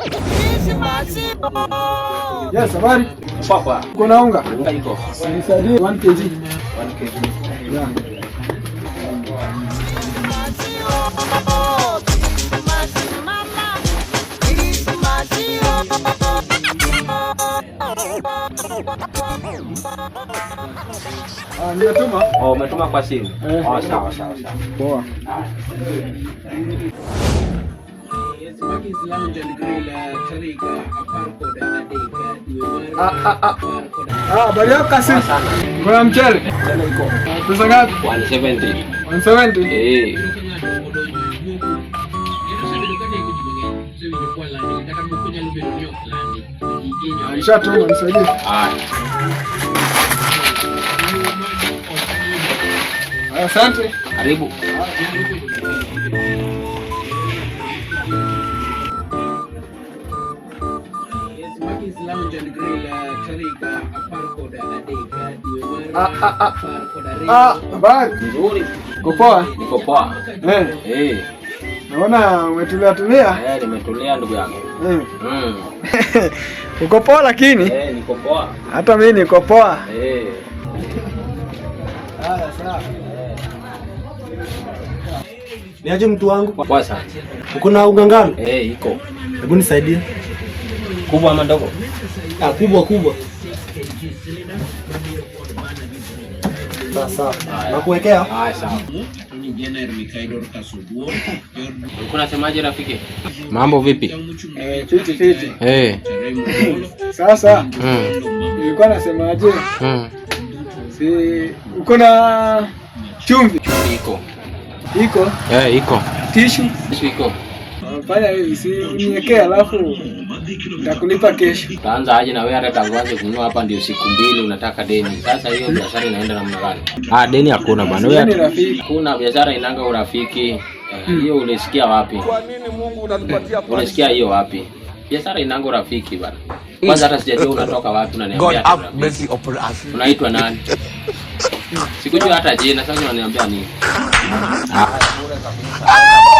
Yes, ya, habari. Papa. Uko na unga? Unga iko. Nisaidie 1 kg. 1 kg. Yeah. Ah, nimetuma? Oh, umetuma kwa simu. Eh. Oh, sawa sawa sawa. Poa. Habari yako kasi? Kuna mchele? Pesa ngapi? 170. 170? Eh. Alishatuma nisaidie. Ah. Ah, Asante. Karibu. Ah, is Uko poa? Niko poa. Eh eh, naona umetulia tulia. Eh, nimetulia ndugu yangu. Eh. Mm. Uko poa lakini? Eh, niko poa. Hata mimi niko poa. Eh. Haya sawa. Niaje mtu wangu? Poa sana. Uko na unga Eh, iko. Hebu nisaidie kubwa ama ndogo? Ah, kubwa kubwa. Ah, Sasa nakuwekea. Haya, sawa. Unasemaje rafiki? Mambo vipi? Eh, fiti fiti. Eh. Sasa hmm. nilikuwa nasemaje? Hmm. Si uko na chumvi? Iko. Iko? Eh, iko. Tishu? Tishu iko. Fanya hivi, si niwekee alafu Nitakulipa kesho. Taanza aje na wewe hata tangu kununua hapa ndio siku mbili unataka deni. Sasa hiyo biashara inaenda namna gani? Ah, deni hakuna bwana. Wewe ni rafiki. Kuna biashara inanga urafiki. Eh, hmm. Hiyo hmm. ulisikia wapi? Kwa nini Mungu unatupatia pesa? Ulisikia hiyo wapi? Biashara inanga urafiki bwana. Hmm. Kwanza hata sijajua unatoka wapi unaniambia. God have mercy upon us. Unaitwa nani? Sikujua hata jina, sasa unaniambia nini? Ah.